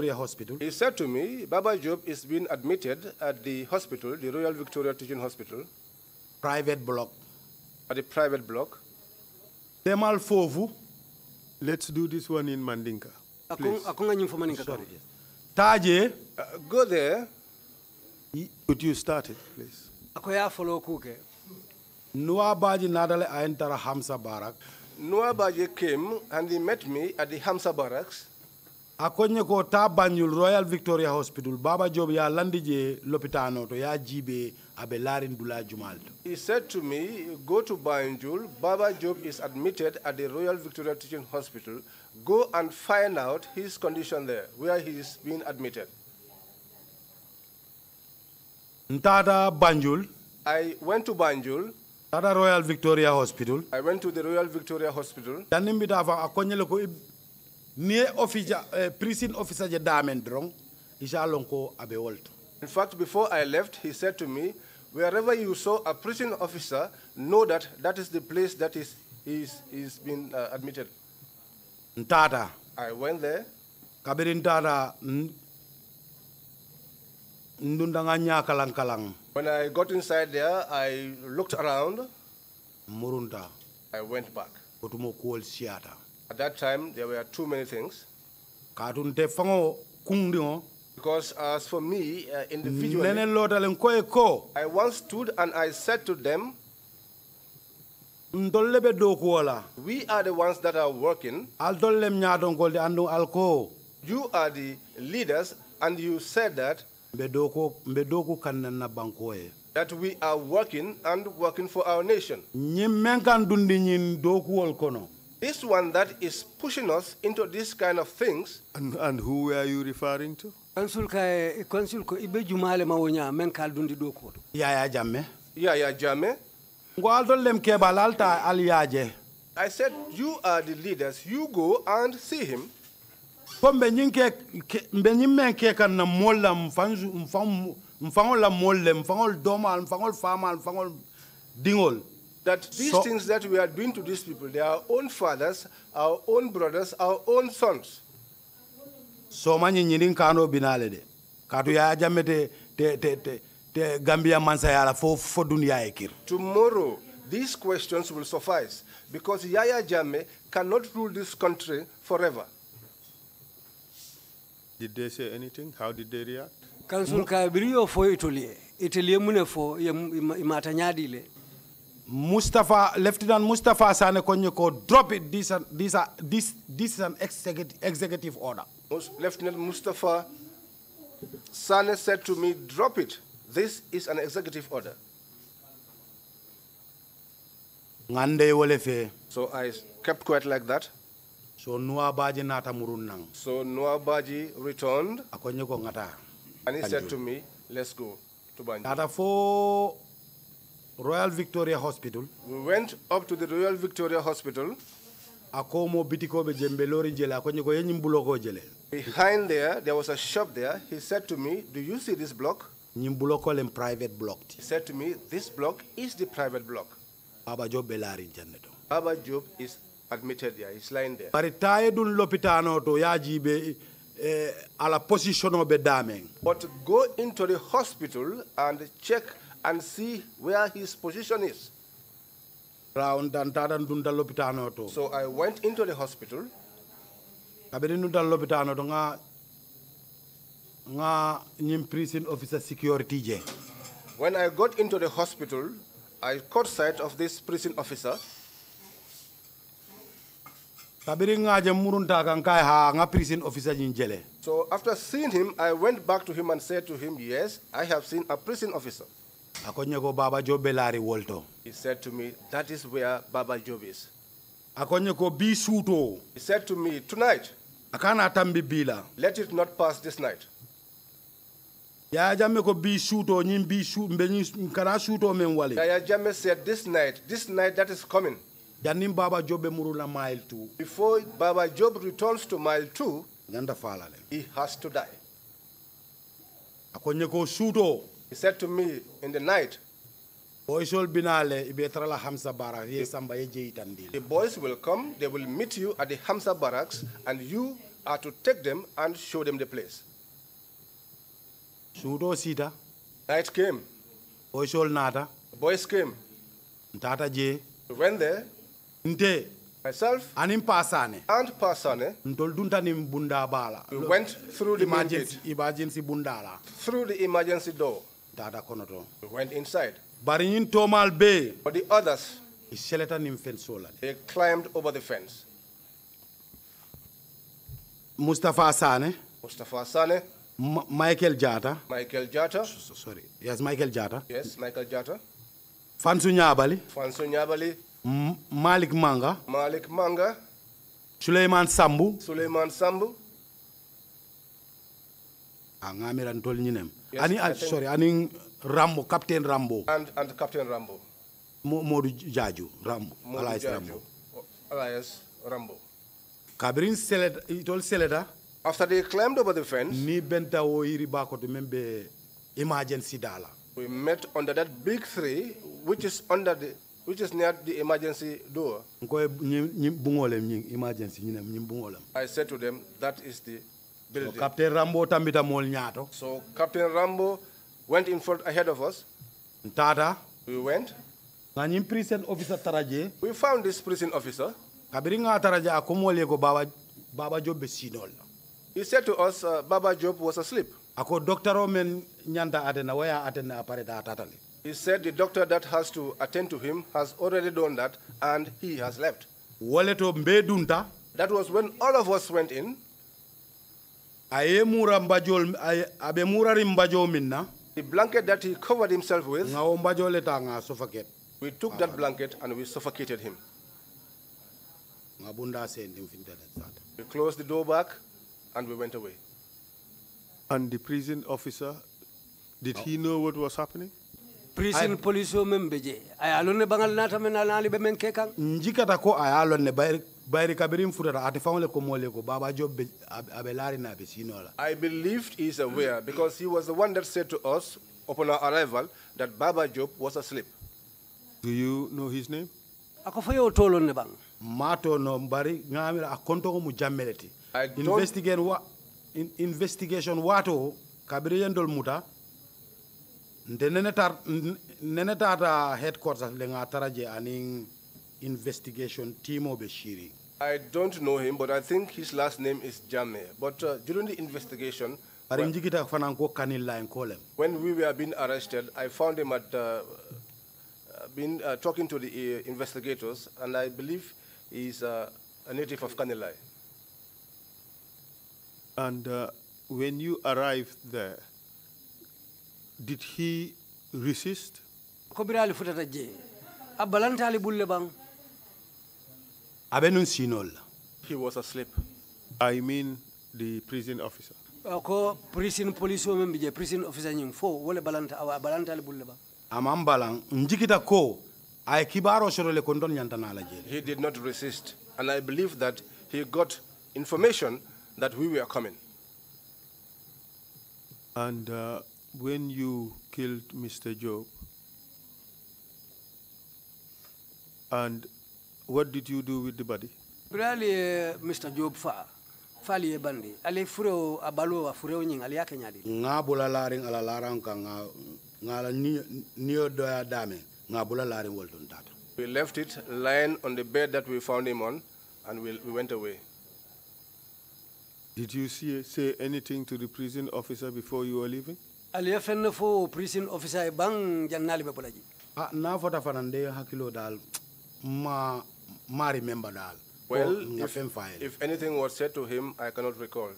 Hospital. He said to me, Baba Job is being admitted at the hospital, the Royal Victoria Teaching Hospital. Private block. At the private block. Demal Fovu. Let's do this one in Mandinka. Please. Taje. Uh, go there. Could you start it, please? Akoya follow kuke. Nuabaji nadale aentara Hamsa Barak. Nuabaji came and he met me at the Hamsa Barracks akonye ko ta banyul royal victoria hospital baba job ya landije lopitano to ya jibe abe larin dula jumal he said to me go to banjul baba job is admitted at the royal victoria teaching hospital go and find out his condition there where he is being admitted ntata banjul i went to banjul tata royal victoria hospital i went to the royal victoria hospital danimbita fa akonyele ko ne officer, eh, prison officer je damen drong ko abe wolto in fact before i left he said to me wherever you saw a prison officer know that that is the place that is is is been uh, admitted ntata i went there kabiri ntata ndundanga nyakalang kalang when i got inside there i looked around murunta i went back otumo kuol siata at that time, there were too many things. Because as for me, uh, individually, I once stood and I said to them, we are the ones that are working. You are the leaders, and you said that that we are working and working for our nation. This one that is pushing us into this kind of things. And, and who are you referring to? Consul kay consul ko ibe jumale ma wonya men kal do ko. Yaya Jamme. Yaya Jamme. Ngwal dollem keba lalta aliyaje. I said you are the leaders. You go and see him. Ko mbe nyinke mbe nyimmen ke kan na molla mfanzu mfam mfangol la molle mfangol domal mfangol famal mfangol dingol that these so, things that we are doing to these people, they are our own fathers, our own brothers, our own sons. So many nyirin kano binale de. Katu ya jamete te te te te Gambia mansayala fo fo dunia ekir. Tomorrow these questions will suffice because Yaya Jame cannot rule this country forever. Did they say anything? How did they react? Council Kabrio fo Italy. Italy mune fo le. Mustafa, Lieutenant Mustafa Sanekonyoko, drop it. This, this, this, this is an executive, executive order. Lieutenant Mustafa Sane said to me, drop it. This is an executive order. So I kept quiet like that. So Nuabaji nata murunang. So Nuabaji returned. And he said to me, let's go to Banjul. Nata Royal Victoria Hospital. We went up to the Royal Victoria Hospital. jela kwenye Behind there, there was a shop there. He said to me, do you see this block? Nyimbuloko lem private block. He said to me, this block is the private block. Baba Job belari Baba Job is admitted there. He's lying there. Paritaye dun lopitano to yajibe eh, ala position obe But go into the hospital and check and see where his position is. So I went into the hospital. when i got into the hospital i caught sight of this prison officer so after seeing him i went back to him and said to him yes i have seen a prison officer he said to me, that is where Baba Job is. Akonye ko bi suto. He said to me, tonight. Akana tambi bila. Let it not pass this night. Yaya Jamme ko bi suto nyim bi su mbenyi kana suto Jamme said this night, this night that is coming. Janim Baba Job murula mile 2. Before Baba Job returns to mile 2, He has to die. Akonye ko suto. He said to me in the night, the boys will come, they will meet you at the Hamza barracks, and you are to take them and show them the place. Sudo sita. Night came. Boyshol nata. Boys came. Tata Went there. Myself. Anim pasane. And pasane. We went through the emergency, emergency Through the emergency door dada konoto we went inside barin tomal be but the others iseleta nim fence ola they climbed over the fence mustafa sane mustafa sane michael jata michael jata sorry yes michael jata yes michael jata fansu nyabali fansu nyabali M malik manga malik manga suleiman sambu suleiman sambu angamira ntol nyinem Yes, and, I ah, sorry, Rambo, Captain Rambo. And, and Captain Rambo. Mo, Modu Jaju, Rambo, Modu alias Jaju. Rambo. Oh, alias Rambo. Kabirin Seleda, itol Seleda. After they climbed over the fence. Ni benta wo iri bako to membe emergency dala. We met under that big tree, which is under the which is near the emergency door. I said to them, that is the building. So Captain Rambo tambita mol nyato. So Captain Rambo went in front ahead of us. Ntata. We went. Nanyim prison officer taraje. We found this prison officer. Kabiringa taraje akomole ko baba baba job besinol. He said to us uh, Baba Job was asleep. Ako doctor men nyanda atena waya atena apare da tatali. He said the doctor that has to attend to him has already done that and he has left. That was when all of us went in mbajo minna the blanket that he covered himself with ngawo leta we took that blanket and we suffocated him ngabunda we closed the door back and we went away and the prison officer did no. he know what was happening prison police I membeje ay alone bangal nata men alali be men kekan Njika ko i alone bayr bayri fawle ko mole ko baba job abe larina be sinola i believed he is aware because he was the one that said to us upon our arrival that baba job was asleep do you know his name ako fayo tolon ne bang mato no ngamira akonto ko mu wa investigation wato kabire yendol muta nde nene nenetata headquarters le nga aning investigation Timo Beshiri. I don't know him, but I think his last name is Jame. But uh, during the investigation, well, when we were being arrested, I found him at uh, uh been uh, talking to the uh, investigators, and I believe he's uh, a native of Kanilai. And uh, when you arrived there, did he resist? abenun sinol he was asleep i mean the prison officer ko prison police o men prison officer nyin fo wala balanta awa balanta le bulle ba amam balan njikita ko ay kibaro sorole ko don nyantana la jere he did not resist and i believe that he got information that we were coming and uh, when you killed mr job and what did you do with the body? Brali eh, Mr. Job Fa. Fali bandi. Ale fureo abalo wa furo nying ali yake nyadi. Nga bula laring ala larang ka nga nga niyo doya dame. Nga bula laring walton tata. We left it lying on the bed that we found him on and we, we went away. Did you see, say anything to the prison officer before you were leaving? Aliya fenna fo prison officer bang jannali be bulaji. Ah na fota fanande hakilo dal ma ma remember dal. well oh, if, if anything was said to him i cannot recall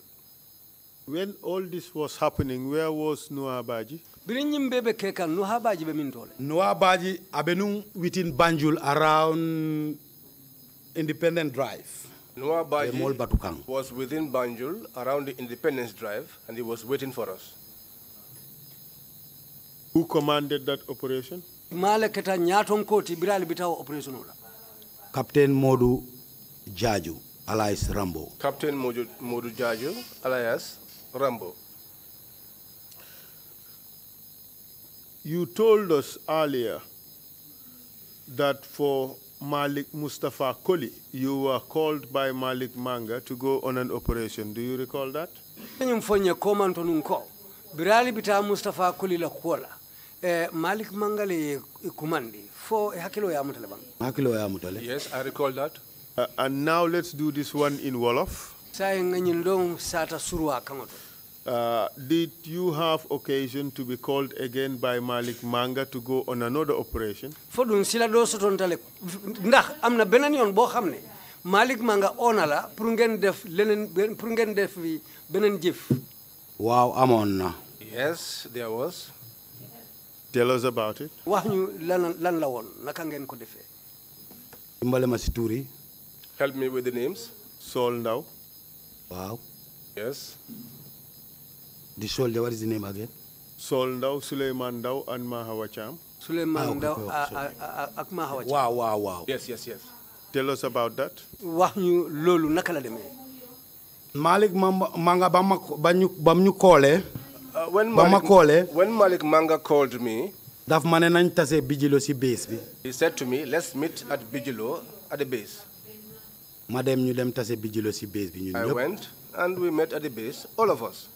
when all this was happening where was noah baji birinyim bebe keka noah be mintole noah baji abenu within banjul around independent drive noah was within banjul around the independence drive and he was waiting for us who commanded that operation male keta nyaton koti biral bitaw operation ola Captain Modu Jaju, alias Rambo. Captain Modu, Modu Jaju, alias Rambo. You told us earlier that for Malik Mustafa Koli, you were called by Malik Manga to go on an operation. Do you recall that? Nyumfanya komanto nunko. Birali bita Mustafa Koli la kuola. Eh, Malik Mangali Kumandi for eh, Hakilo Yamutale. Hakilo Yamutale. Yes, I recall that. Uh, and now let's do this one in Wolof. Uh, did you have occasion to be called again by Malik Manga to go on another operation? Fodun sila doso tontale. ndax amna benen yon bo xamne Malik Manga onala pour ngeen def leneen pour ngeen def benen jëf. Waaw amone na. Yes, there was. Tell us about it. wax ñu lan lan la woon naka ngeen ko help me with the names. Sol Ndaw. waaw. yes. The Sol de what is the name again. Sol Ndaw Souleymane Ndaw and Mahawacham. Cham. Souleymane ah, Ndaw ah, ah, ak Mahawa Wow, wow, wow. yes yes yes. Tell us about that. wax ñu loolu naka Malik demee. Malick ma ma nga ba uh, when Malik ma koolee when Malick Manga called me. daf ma nañ tase Bijilo si base bi. he said to me let's meet at Bijilo at the base. ma dem ñu dem tase Bijilo si base bi ñun ñëpp. I went and we met at the base all of us.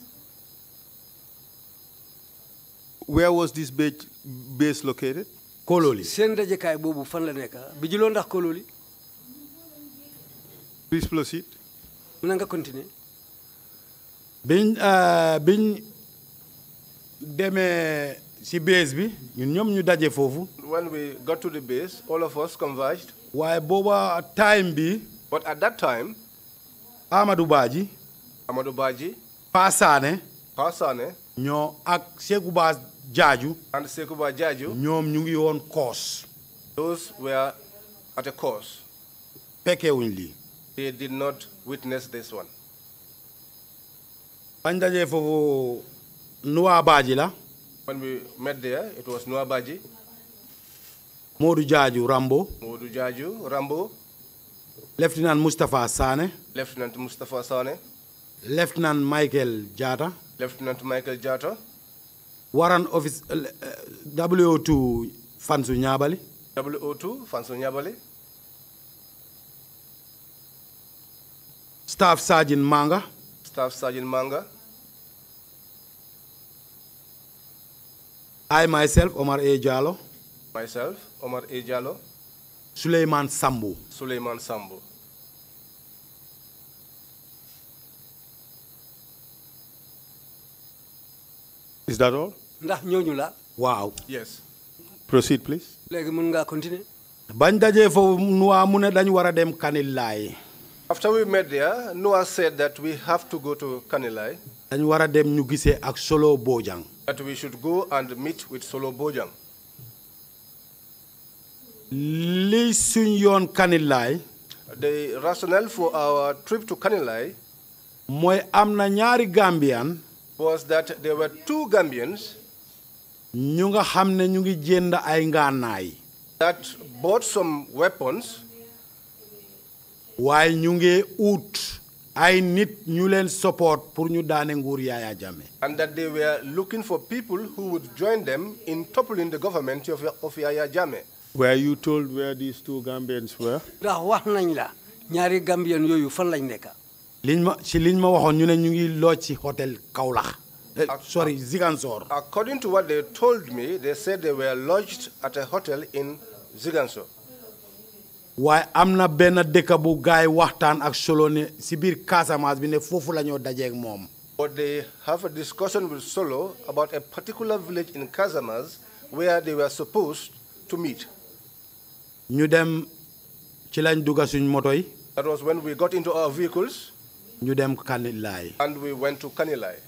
where was this base located. Kololi. seen dajekaay Bobu fan la nekk Bijilo ndax Kololi. please proceed. mën nga continuer. biñ euh, biñ demee si base bi ñun ñoom ñu daje foofu. when we got to the base all of us converged. waaye booba time bi. but at that time. Amadou Badji. Amadou Badji. Pa Passane. Pa Sané. ñoo ak Sekouba Jaaju. and Sekouba Jaaju. ñoom ñu ngi woon course. those were at a course. fekkewuñ lii. they did not witness this one. bañ dajee foofu. Noa la. When we met there, it was Noa Baji. Modu Jaju Rambo. Modu Jaju Rambo. Lieutenant Mustafa Sane. Lieutenant Mustafa Sane. Lieutenant Michael Jata. Lieutenant Michael Jata. Warrant Office uh, uh, WO2 Fansu Nyabali. WO2 Fansu Nyabali. Staff Sergeant Manga. Staff Sergeant Manga. I myself, Omar A. Myself, Omar A. Diallo. Suleiman Sambo. Suleiman Sambo. Is that all? Wow. yes. proceed please. léegi Kanilai. after we met there Noah said that we have to go to Kanilai. dañ war a dem ñu gisee ak Solo Bojang. that we Solo Bojang. li suñ yoon Kanilai. the rationale for our trip to Kanilai. mooy am na ñaari Gambian. was that there were two Gambians. ñu nga xam ne ñu ngi jénd ay ngànnaay. that bought some weapons. waaye ñu ngi uut ay nit ñu leen support pour ñu daane nguur Yaya Jammeh. and that they were looking for people who would join them in toppling the government of of Yaya Jammeh. were you told where these two Gambians were. ndax wax nañ la ñaari Gambian yooyu fan lañ nekk. liñ ma ci liñ ma waxoon ñu ne ñu ngi loo ci hôtel Kaolack. Eh, sorry, Zigansor. According to what they told me, they said they were lodged at a hotel in Zigansor waaye am na benn dëkk bu gaay waxtaan ak Solo ne si biir Casamance bi ne foofu la ñoo dajeeg moom. But they have a discussion with Solo about a particular village in Casamance where they were supposed to meet. ñu dem ci lañ dugg suñ moto yi. That was when we got into our vehicles. ñu dem Kanilai. And we went to Kanilai.